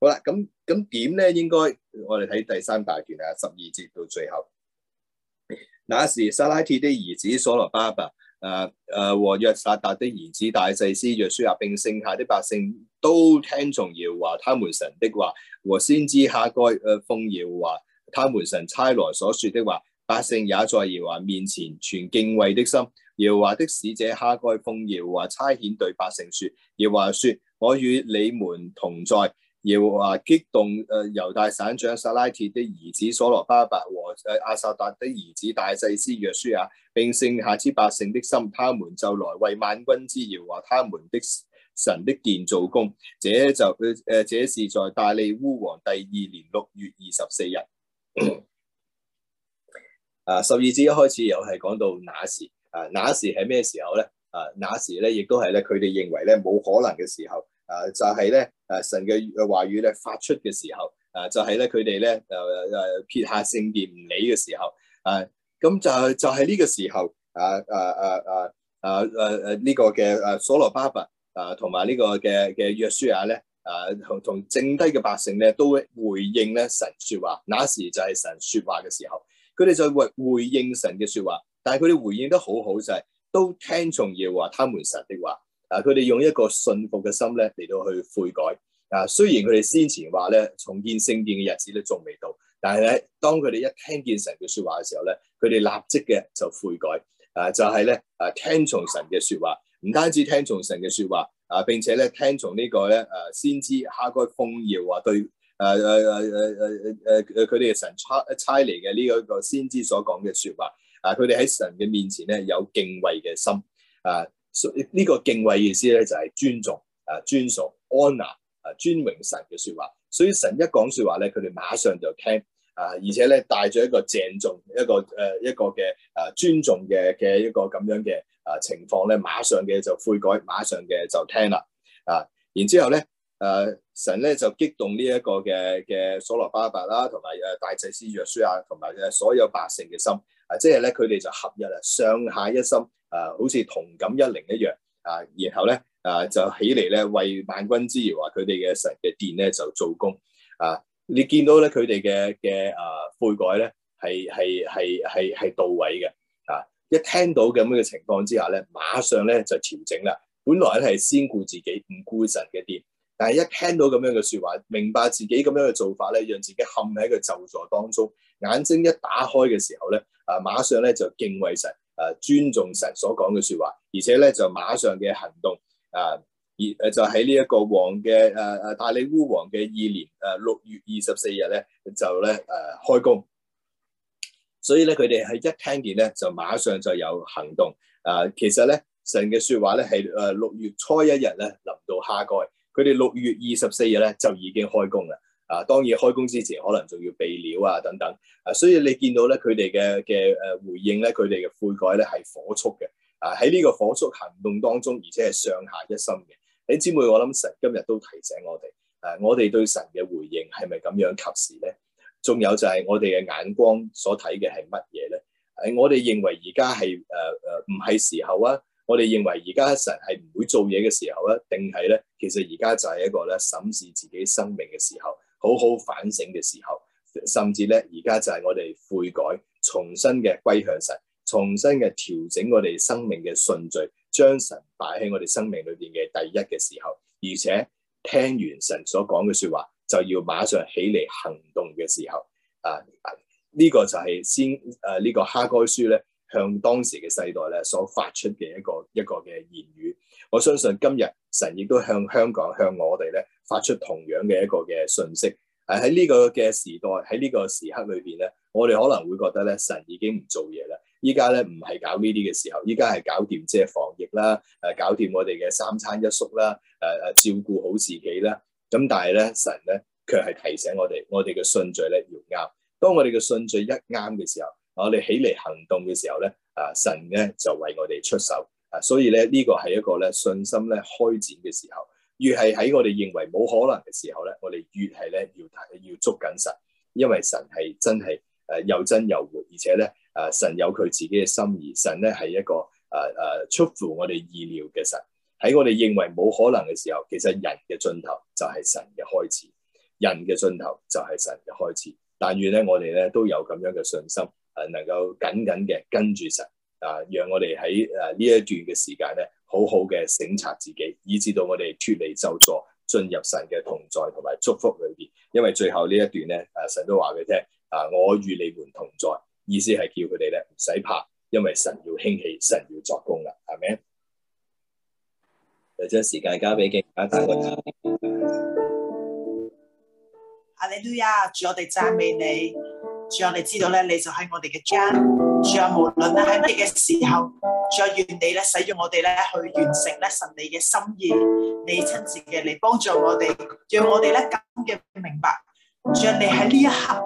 好啦，咁咁點咧應該我哋睇第三大段啊，十二節到最後。那時，撒拉鐵的兒子所羅巴伯，誒誒和約撒達的兒子大祭司約書亞，並剩下的百姓，都聽從耶和華，他們神的話，和先知哈該誒奉耶和華，他們神差來所說的話，百姓也在耶和華面前存敬畏的心。耶和華的使者哈該奉耶和華差遣對百姓說：耶和華說我與你們同在。耶和華、啊、激動誒，猶、呃、大省長撒拉鐵的兒子索羅巴伯和誒阿、呃、薩達的兒子大祭司約書亞、啊，並剩下之百姓的心，他們就來為萬軍之耶和華、啊、他們的神的建造工。這就誒、呃、這是在大利烏王第二年六月二十四日。 啊，十二至一開始又係講到那時啊，那時係咩時候咧？啊，那時咧、啊、亦都係咧，佢哋認為咧冇可能嘅時候。啊，就係、是、咧，誒、啊，神嘅話語咧發出嘅時候，啊，就係咧佢哋咧誒誒撇下聖殿唔理嘅時候，啊，咁就係就係呢個時候，啊啊啊啊啊、這個、啊啊呢個嘅誒所羅巴伯啊，同埋呢個嘅嘅約書亞咧，啊同同剩低嘅百姓咧都會回應咧神說話，那時就係神說話嘅時候，佢哋就會回應神嘅說話，但係佢哋回應得好好就係、是、都聽從耶和華他們的神的話。啊！佢哋用一個信服嘅心咧嚟到去悔改。啊，雖然佢哋先前話咧重建聖殿嘅日子咧仲未到，但係咧當佢哋一聽見神嘅說話嘅時候咧，佢哋立即嘅就悔改。啊，就係、是、咧啊，聽從神嘅說話，唔單止聽從神嘅說話啊，並且咧聽從呢個咧啊先知哈該風謠啊，對誒誒誒誒誒誒誒佢哋嘅神差差嚟嘅呢一個先知所講嘅說話。啊，佢哋喺神嘅、啊、面前咧有敬畏嘅心啊。啊呢、so, 個敬畏意思咧就係尊重啊、尊崇、honour 啊、尊榮神嘅説話。所以神一講説話咧，佢哋馬上就聽啊，而且咧帶咗一個鄭重、一個誒、呃、一個嘅啊尊重嘅嘅一個咁樣嘅啊情況咧，馬上嘅就悔改，馬上嘅就聽啦啊。然之後咧，誒、啊、神咧就激動呢一個嘅嘅所羅巴伯啦，同埋誒大祭司約書亞同埋嘅所有百姓嘅心啊，即係咧佢哋就合一啦，上下一心。啊，好似同感一靈一樣啊，然後咧啊，就起嚟咧為萬軍之言話佢哋嘅神嘅殿咧就做工啊！你見到咧佢哋嘅嘅啊悔改咧係係係係係到位嘅啊！一聽到咁樣嘅情況之下咧，馬上咧就調整啦。本來係先顧自己唔顧神嘅殿，但係一聽到咁樣嘅説話，明白自己咁樣嘅做法咧，讓自己陷喺個咒詛當中，眼睛一打開嘅時候咧啊，馬上咧就敬畏神。誒，尊重神所講嘅說話，而且咧就馬上嘅行動，啊，而誒就喺呢一個王嘅誒誒，大、啊、利烏王嘅二年誒、啊、六月二十四日咧就咧誒、啊、開工，所以咧佢哋係一聽見咧就馬上就有行動，啊，其實咧神嘅說話咧係誒六月初一日咧臨到哈該，佢哋六月二十四日咧就已經開工啦。啊，當然開工之前可能仲要備料啊，等等。啊，所以你見到咧，佢哋嘅嘅誒回應咧，佢哋嘅悔改咧係火速嘅。啊，喺呢，呢火、啊、個火速行動當中，而且係上下一心嘅。你姊妹，我諗神今日都提醒我哋，誒、啊，我哋對神嘅回應係咪咁樣及時咧？仲有就係我哋嘅眼光所睇嘅係乜嘢咧？誒、啊，我哋認為而家係誒誒唔係時候啊！我哋認為而家神係唔會做嘢嘅時候啊，定係咧其實而家就係一個咧審視自己生命嘅時候。好好反省嘅時候，甚至咧，而家就係我哋悔改、重新嘅歸向神、重新嘅調整我哋生命嘅順序，將神擺喺我哋生命裏邊嘅第一嘅時候，而且聽完神所講嘅說話，就要馬上起嚟行動嘅時候，啊，呢個就係先誒呢個哈該書咧，向當時嘅世代咧所發出嘅一個一個嘅言語。我相信今日神亦都向香港、向我哋咧，發出同樣嘅一個嘅信息，喺喺呢個嘅時代，喺呢個時刻裏邊咧，我哋可能會覺得咧，神已經唔做嘢啦，依家咧唔係搞呢啲嘅時候，依家係搞掂即係防疫啦，誒、啊，搞掂我哋嘅三餐一宿啦，誒、啊、誒，照顧好自己啦。咁、嗯、但係咧，神咧，卻係提醒我哋，我哋嘅順序咧要啱。當我哋嘅順序一啱嘅時候，我哋起嚟行動嘅時候咧，啊，神咧就為我哋出手。啊，所以咧呢、這個係一個咧信心咧開展嘅時候。越係喺我哋認為冇可能嘅時候咧，我哋越係咧要提要捉緊神，因為神係真係誒又真又活，而且咧誒神有佢自己嘅心意，神咧係一個誒誒、呃、出乎我哋意料嘅神。喺我哋認為冇可能嘅時候，其實人嘅盡頭就係神嘅開始，人嘅盡頭就係神嘅開始。但願咧我哋咧都有咁樣嘅信心，誒能夠緊緊嘅跟住神。啊！讓我哋喺誒呢一段嘅時間咧，好好嘅省察自己，以致到我哋脫離咒詛，進入神嘅同在同埋祝福裏面。因為最後呢一段咧，誒神都話俾你聽，啊我與你們同在，意思係叫佢哋咧唔使怕，因為神要興起，神要作工啦，係咪？就將時間交俾敬拜大哥。阿列路亞，主我哋讚美你，主我哋知道咧，你就喺我哋嘅間。主啊，無論咧喺咩嘅時候，主啊，願你咧使用我哋咧去完成咧神你嘅心意，你親自嘅嚟幫助我哋，讓我哋咧咁嘅明白，主啊你喺呢一刻，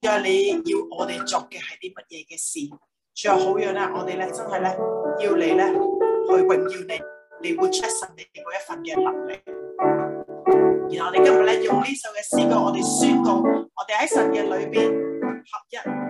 主啊你要我哋作嘅係啲乜嘢嘅事，主啊好樣啊，我哋咧真係咧要你咧去榮耀你，嚟活出神你嗰一份嘅能力。然後我哋今日咧用呢首嘅詩歌，我哋宣告，我哋喺神嘅裏邊合一。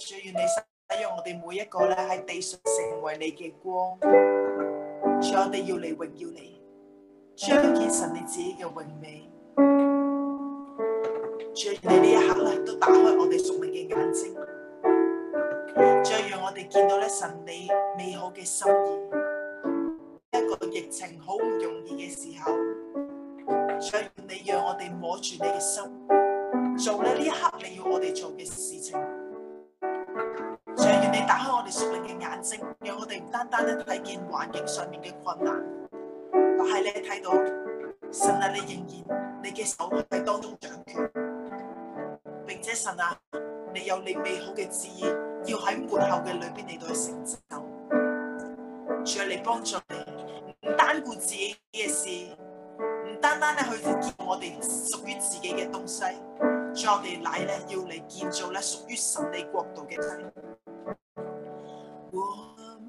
最願你使用我哋每一個咧喺地上成為你嘅光，最我哋要嚟榮耀你，彰顯神你自己嘅榮美。最願你呢一刻咧都打開我哋屬靈嘅眼睛，最願我哋見到咧神你美好嘅心意。一個疫情好唔容易嘅時候，最願你讓我哋摸住你嘅心做咧呢一刻你要我哋做嘅事情。打開我哋屬靈嘅眼睛，讓我哋唔單單咧睇見環境上面嘅困難，但係你睇到，神啊，你仍然你嘅手喺當中掌權，並且神啊，你有你美好嘅旨意，要喺門口嘅裏邊嚟到成就，主嚟幫助你，唔單顧自己嘅事，唔單單咧去見我哋屬於自己嘅東西，所以我哋乃咧要嚟建造咧屬於神你國度嘅。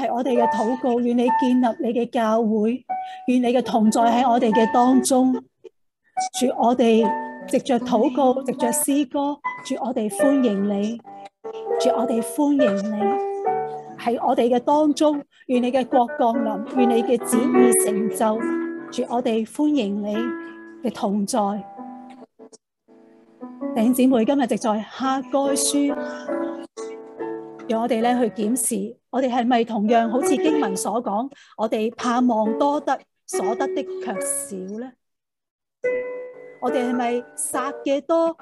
係我哋嘅禱告，願你建立你嘅教會，願你嘅同在喺我哋嘅當中。主，我哋藉着禱告，藉着詩歌，主，我哋歡迎你，主，我哋歡迎你，喺我哋嘅當中，願你嘅國降臨，願你嘅旨意成就。主，我哋歡迎你嘅同在。弟兄姊妹，今日藉在哈該書，讓我哋咧去檢視。我哋係咪同樣好似經文所講，我哋盼望多得所得的卻少咧？我哋係咪殺嘅多，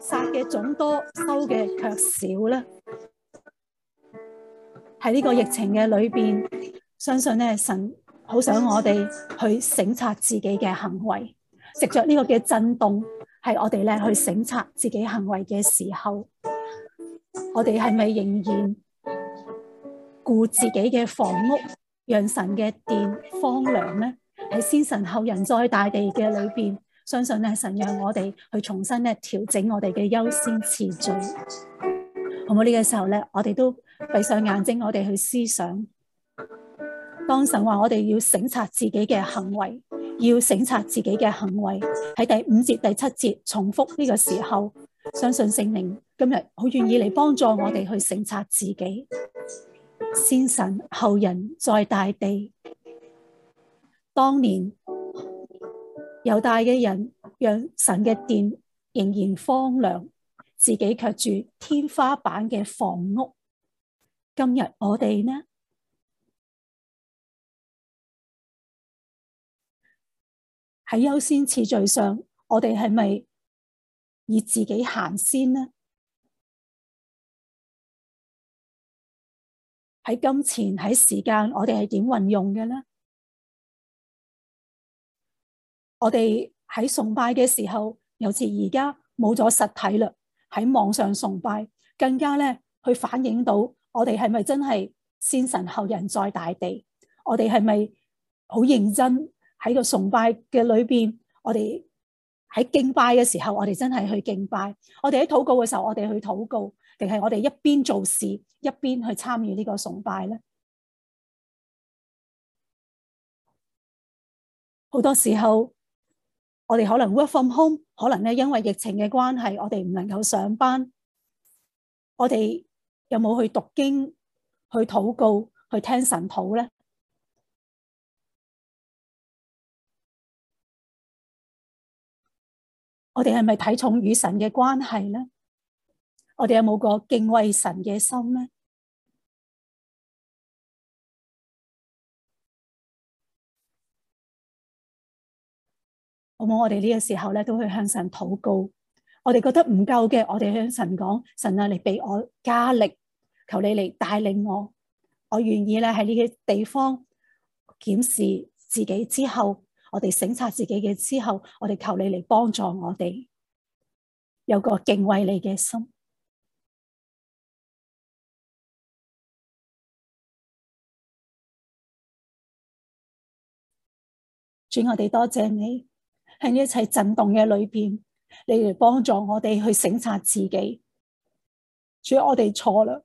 殺嘅種多，收嘅卻少咧？喺呢個疫情嘅裏邊，相信咧神好想我哋去省察自己嘅行為，藉着呢個嘅震動，係我哋咧去省察自己行為嘅時候，我哋係咪仍然顧自己嘅房屋，讓神嘅殿荒涼咧，喺先神後人，在大地嘅裏邊。相信咧，神讓我哋去重新咧調整我哋嘅優先次序，好唔好？呢個時候咧，我哋都閉上眼睛，我哋去思想。當神話我哋要省察自己嘅行為，要省察自己嘅行為，喺第五節第七節重複呢個時候，相信聖靈今日好願意嚟幫助我哋去省察自己。先神後人，在大地。當年猶大嘅人讓神嘅殿仍然荒涼，自己卻住天花板嘅房屋。今日我哋呢？喺優先次序上，我哋係咪以自己行先呢？喺金錢、喺時間，我哋係點運用嘅咧？我哋喺崇拜嘅時候，尤其而家冇咗實體啦，喺網上崇拜，更加咧去反映到我哋係咪真係先神後人再大地？我哋係咪好認真喺個崇拜嘅裏邊？我哋喺敬拜嘅時候，我哋真係去敬拜；我哋喺禱告嘅時候，我哋去禱告。定係我哋一邊做事一邊去參與呢個崇拜咧？好多時候我哋可能 work from home，可能咧因為疫情嘅關係，我哋唔能夠上班。我哋有冇去讀經、去禱告、去聽神道咧？我哋係咪睇重與神嘅關係咧？我哋有冇個敬畏神嘅心呢？好冇？我哋呢個時候咧，都去向神禱告。我哋覺得唔夠嘅，我哋向神講：神啊，你俾我加力，求你嚟帶領我。我願意咧喺呢個地方檢視自己之後，我哋省察自己嘅之後，我哋求你嚟幫助我哋，有個敬畏你嘅心。主，我哋多謝你喺一切震動嘅裏邊，你嚟幫助我哋去省察自己。主我，我哋錯啦，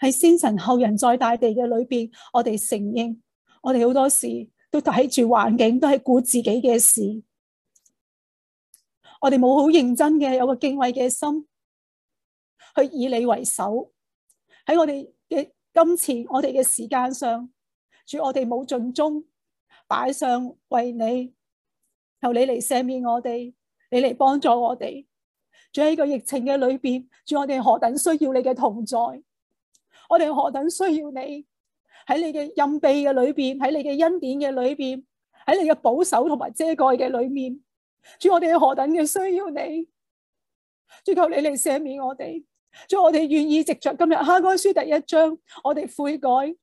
喺先神後人，在大地嘅裏邊，我哋承認，我哋好多時都睇住環境，都係顧自己嘅事。我哋冇好認真嘅，有個敬畏嘅心，去以你為首。喺我哋嘅今次，我哋嘅時間上，主我，我哋冇盡忠。擺上為你，求你嚟赦免我哋，你嚟幫助我哋。主，喺呢個疫情嘅裏邊，主，我哋何等需要你嘅同在。我哋何等需要你喺你嘅蔭庇嘅裏邊，喺你嘅恩典嘅裏邊，喺你嘅保守同埋遮蓋嘅裏面。主，我哋何等嘅需要你。主，求你嚟赦免我哋。主，我哋願意藉着今日哈該書第一章，我哋悔改。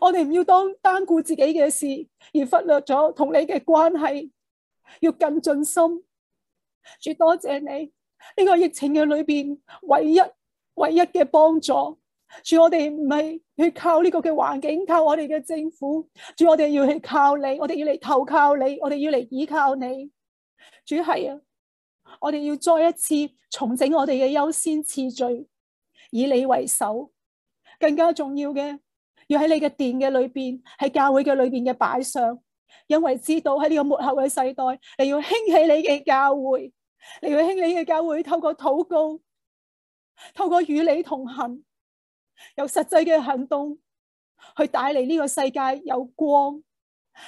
我哋唔要當單顧自己嘅事，而忽略咗同你嘅關係，要更盡心。主多謝你呢個疫情嘅裏邊，唯一唯一嘅幫助。主我哋唔係去靠呢個嘅環境，靠我哋嘅政府。主我哋要去靠你，我哋要嚟投靠你，我哋要嚟依靠你。主係啊，我哋要再一次重整我哋嘅優先次序，以你為首。更加重要嘅。要喺你嘅殿嘅裏邊，喺教會嘅裏邊嘅擺上，因為知道喺呢個末後嘅世代，你要興起你嘅教會，你要興起你嘅教會，透過禱告，透過與你同行，有實際嘅行動，去帶嚟呢個世界有光，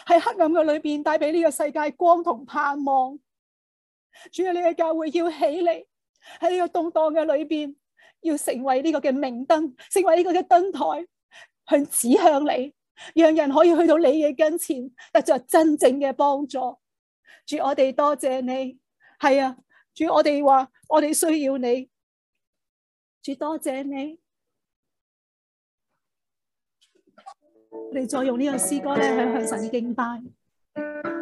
喺黑暗嘅裏邊帶俾呢個世界光同盼望。主啊，你嘅教會要起嚟，喺呢個動盪嘅裏邊，要成為呢個嘅明燈，成為呢個嘅燈台。向指向你，讓人可以去到你嘅跟前，得着真正嘅幫助。主我哋多謝、謝你，係啊！主我哋話我哋需要你，主多謝你。我哋再用呢個詩歌咧，去向神敬拜。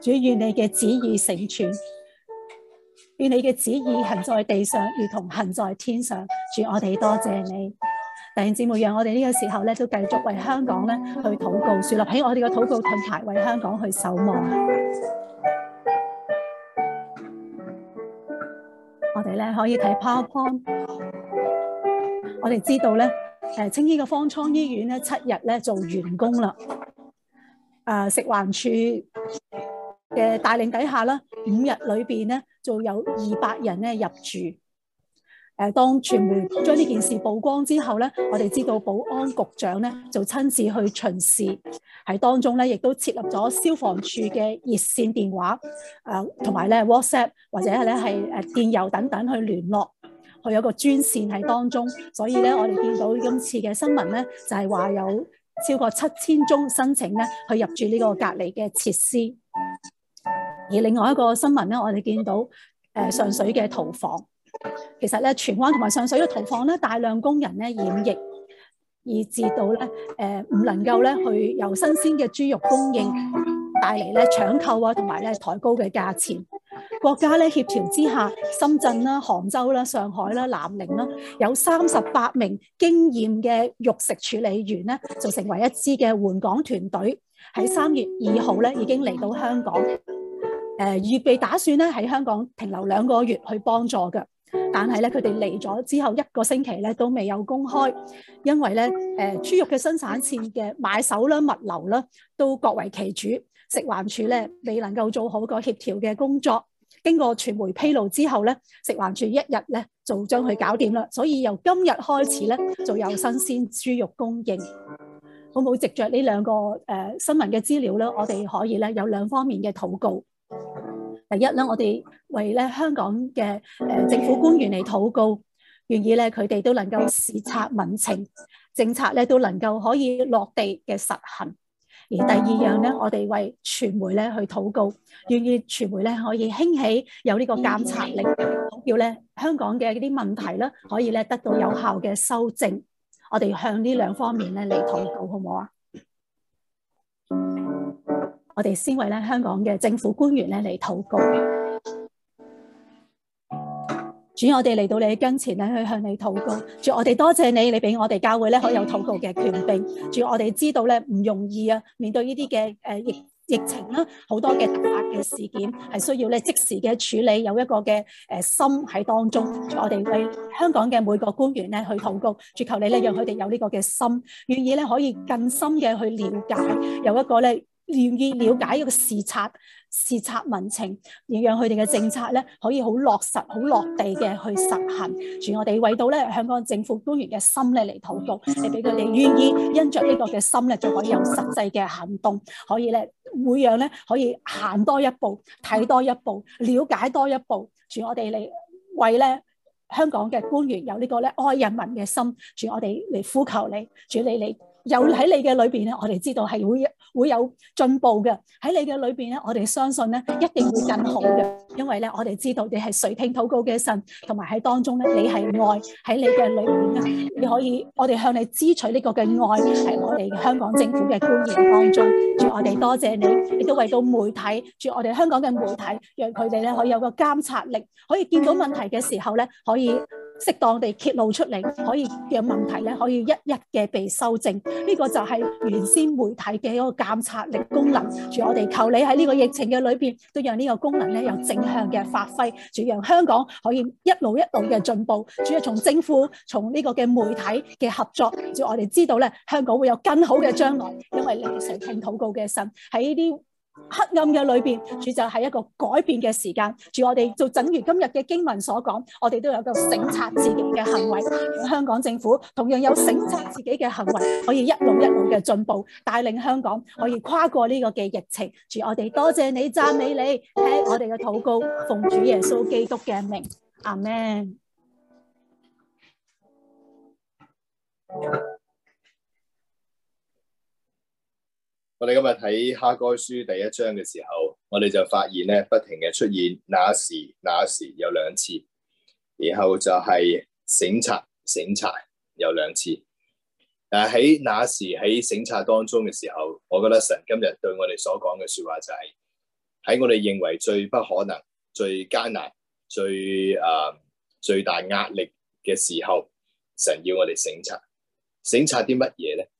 主願你嘅旨意成全，願你嘅旨意行在地上，如同行在天上。主，我哋多謝、謝你，弟兄姊妹，讓我哋呢個時候咧，都繼續為香港咧去禱告，樹立起我哋嘅禱告盾牌，為香港去守望。我哋咧可以睇 PowerPoint，我哋知道咧，誒，青衣嘅方艙醫院咧七日咧做完工啦，誒、呃，食環署。嘅帶領底下啦，五日裏邊咧就有二百人咧入住。誒，當傳媒將呢件事曝光之後咧，我哋知道保安局長咧就親自去巡視喺當中咧，亦都設立咗消防處嘅熱線電話啊，同埋咧 WhatsApp 或者係咧係誒電郵等等去聯絡，佢有個專線喺當中，所以咧我哋見到今次嘅新聞咧就係話有超過七千宗申請咧去入住呢個隔離嘅設施。而另外一個新聞咧，我哋見到誒、呃、上水嘅屠房，其實咧荃灣同埋上水嘅屠房咧，大量工人咧染疫，以至到咧誒唔能夠咧去由新鮮嘅豬肉供應帶嚟咧搶購啊，同埋咧抬高嘅價錢。國家咧協調之下，深圳啦、杭州啦、上海啦、南寧啦，有三十八名經驗嘅肉食處理員咧，就成為一支嘅援港團隊，喺三月二號咧已經嚟到香港。誒預備打算咧喺香港停留兩個月去幫助嘅，但係咧佢哋嚟咗之後一個星期咧都未有公開，因為咧誒、呃、豬肉嘅生產線嘅買手啦、物流啦都各為其主，食環署咧未能夠做好個協調嘅工作。經過傳媒披露之後咧，食環署一日咧就將佢搞掂啦。所以由今日開始咧就有新鮮豬肉供應。好冇，藉着呢兩個誒、呃、新聞嘅資料咧，我哋可以咧有兩方面嘅禱告。第一咧，我哋為咧香港嘅誒政府官員嚟禱告，願意咧佢哋都能夠視察民情，政策咧都能夠可以落地嘅實行。而第二樣咧，我哋為傳媒咧去禱告，願意傳媒咧可以興起有呢個監察力，叫咧香港嘅啲問題咧可以咧得到有效嘅修正。我哋向呢兩方面咧嚟禱告，好唔好啊？我哋先為咧香港嘅政府官員咧嚟禱告，主要我哋嚟到你跟前咧去向你禱告，主要我哋多謝你，你俾我哋教會咧可以有禱告嘅權柄，主要我哋知道咧唔容易啊，面對呢啲嘅誒疫疫情啦、啊，好多嘅突發嘅事件係需要咧即時嘅處理，有一個嘅誒、呃、心喺當中，我哋為香港嘅每個官員咧去禱告，主求你咧讓佢哋有呢個嘅心，願意咧可以更深嘅去了解，有一個咧。願意了解呢個視察、視察民情，而讓佢哋嘅政策咧可以好落實、好落地嘅去實行。主，我哋為到咧香港政府官員嘅心咧嚟禱告，嚟俾佢哋願意因着呢個嘅心咧，就可以有實際嘅行動，可以咧每樣咧可以行多一步、睇多一步、了解多一步。主，我哋嚟為咧香港嘅官員有個呢個咧愛人民嘅心。主，我哋嚟呼求你，主理你你。有喺你嘅裏邊咧，我哋知道係會會有進步嘅。喺你嘅裏邊咧，我哋相信咧，一定會更好嘅。因為咧，我哋知道你係垂聽禱告嘅神，同埋喺當中咧，你係愛喺你嘅裏面。你可以，我哋向你支取呢個嘅愛，係我哋香港政府嘅官員當中。祝我哋多謝，謝你，亦都為到媒體，祝我哋香港嘅媒體，讓佢哋咧可以有個監察力，可以見到問題嘅時候咧，可以。適當地揭露出嚟，可以嘅問題咧，可以一一嘅被修正。呢個就係原先媒體嘅一個監察力功能。主，我哋求你喺呢個疫情嘅裏邊，都讓呢個功能咧有正向嘅發揮，主，讓香港可以一路一路嘅進步。主，從政府，從呢個嘅媒體嘅合作，主，我哋知道咧，香港會有更好嘅將來。因為你係聽禱告嘅神，喺呢啲黑暗嘅裡面，主就係一個改變嘅時間。主我哋就，正如今日嘅經文所講，我哋都有個省察自己嘅行為。香港政府同樣有省察自己嘅行為，可以一路一路嘅進步，帶領香港可以跨過呢個嘅疫情。主我哋多謝你讚美你，聽我哋嘅禱告，奉主耶穌基督嘅名，阿門。我哋今日睇《哈該書》第一章嘅時候，我哋就發現咧不停嘅出現，那時那時有兩次，然後就係省察省察有兩次。但係喺那時喺省察當中嘅時候，我覺得神今日對我哋所講嘅說話就係、是、喺我哋認為最不可能、最艱難、最誒、呃、最大壓力嘅時候，神要我哋省察，省察啲乜嘢咧？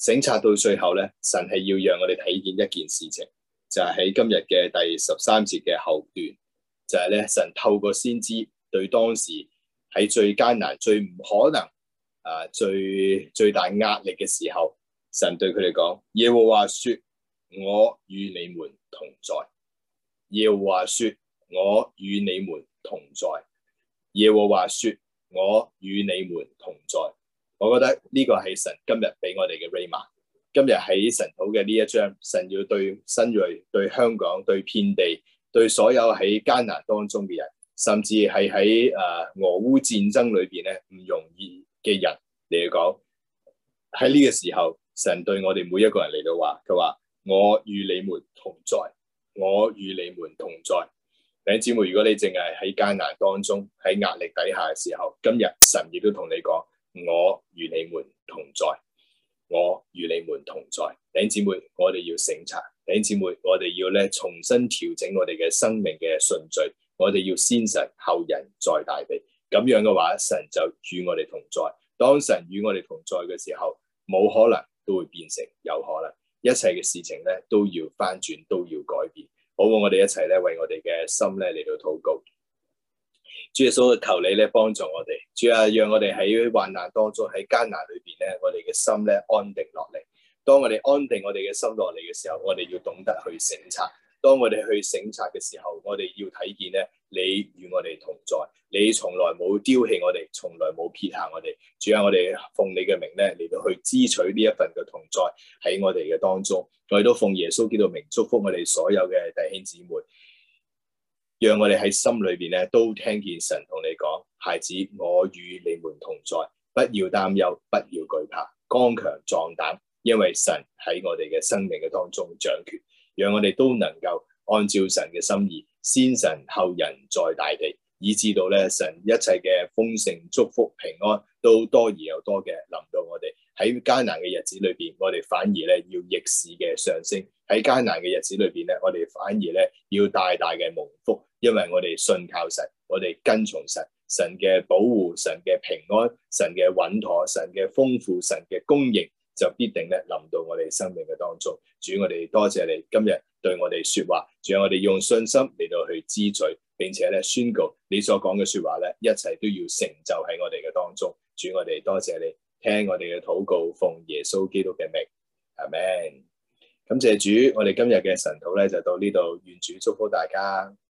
審查到最後咧，神係要讓我哋體現一件事情，就係、是、喺今日嘅第十三節嘅後段，就係、是、咧神透過先知對當時喺最艱難、最唔可能、啊最最大壓力嘅時候，神對佢哋講：耶和華說，我與你們同在；耶和華說，我與你們同在；耶和華說，我與你們同在。我覺得呢個係神今日俾我哋嘅瑞瑪今日喺神土嘅呢一章，神要對新銳、對香港、對遍地、對所有喺艱難當中嘅人，甚至係喺誒俄烏戰爭裏邊咧唔容易嘅人嚟講，喺呢個時候，神對我哋每一個人嚟到話，佢話我與你們同在，我與你們同在。弟兄姊妹，如果你淨係喺艱難當中，喺壓力底下嘅時候，今日神亦都同你講。我與你們同在，我與你們同在，頂姊妹，我哋要省察，頂姊妹，我哋要咧重新調整我哋嘅生命嘅順序，我哋要先神後人再大地，咁樣嘅話，神就與我哋同在。當神與我哋同在嘅時候，冇可能都會變成有可能，一切嘅事情咧都要翻轉，都要改變。好，我哋一齊咧爲我哋嘅心咧嚟到禱告。主耶穌求你咧幫助我哋，主啊，讓我哋喺患難當中，喺艱難裏邊咧，我哋嘅心咧安定落嚟。當我哋安定我哋嘅心落嚟嘅時候，我哋要懂得去省察。當我哋去省察嘅時候，我哋要睇見咧，你與我哋同在，你從來冇丟棄我哋，從來冇撇下我哋。主啊，我哋奉你嘅名咧嚟到去支取呢一份嘅同在喺我哋嘅當中。我哋都奉耶穌基督名祝福我哋所有嘅弟兄姊妹。讓我哋喺心裏邊咧都聽見神同你講，孩子，我與你們同在，不要擔憂，不要懼怕，剛強壯膽，因為神喺我哋嘅生命嘅當中掌權，讓我哋都能夠按照神嘅心意，先神後人在大地，以至到咧神一切嘅豐盛祝福平安都多而又多嘅臨到我哋。喺艱難嘅日子裏邊，我哋反而咧要逆市嘅上升。喺艱難嘅日子裏邊咧，我哋反而咧要大大嘅蒙福，因為我哋信靠神，我哋跟從神，神嘅保護、神嘅平安、神嘅穩妥、神嘅豐富、神嘅供應，就必定咧臨到我哋生命嘅當中。主，我哋多謝，謝你今日對我哋說話，主，有我哋用信心嚟到去支取，並且咧宣告你所講嘅說話咧，一切都要成就喺我哋嘅當中。主，我哋多謝，謝你。聽我哋嘅禱告，奉耶穌基督嘅名，阿門。感謝主，我哋今日嘅神禱咧就到呢度，願主祝福大家。